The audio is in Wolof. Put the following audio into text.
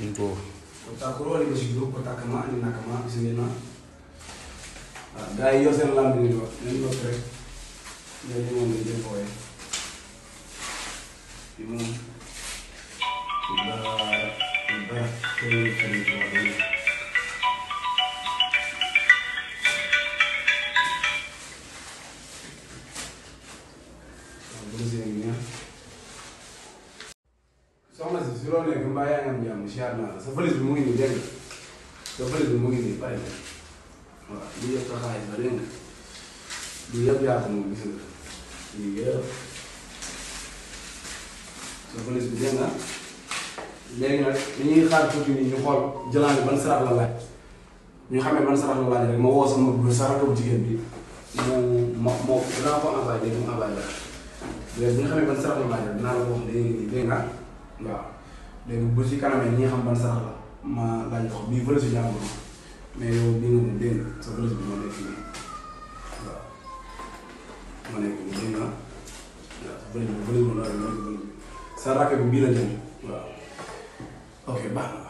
Igo. Kota kuro ni basi group kota kama ni na kama sini na. Dai yo sen lam ni do. Ni do pre. Ni mo ni de boy. Imu. Soma zisione kwamba Yanga mjamshana. Ya Safari zimwini jenga. Safari zimwini pale. Ndiyo ya kaka ibarenga. Ya Ndiyo pia kumuuliza. Ndiyo. Safari zimjenga. Léegi nag dañuy xaar tuuti ni ñu xool jëlaani ban sarax la laaj ñu xamee ban sarax la laaj rek ma woo sama bu saraxu jigéen bi mu ma moo dinaa ko envoyé léegi mu envoyé la léegi bu ñu xamee ban sarax la laaj rek la wax léegi dégg waaw léegi bu si kanamee ñi nga xam ban sarax ma laaj ko bii vële si jàmbur mais yow bii nga moom dégg sa vële bi ma nekk fii waaw ma nekk mu dégg naa waaw vële bi vële bi ma nekk vële bi sa bi bii la jëm waaw ok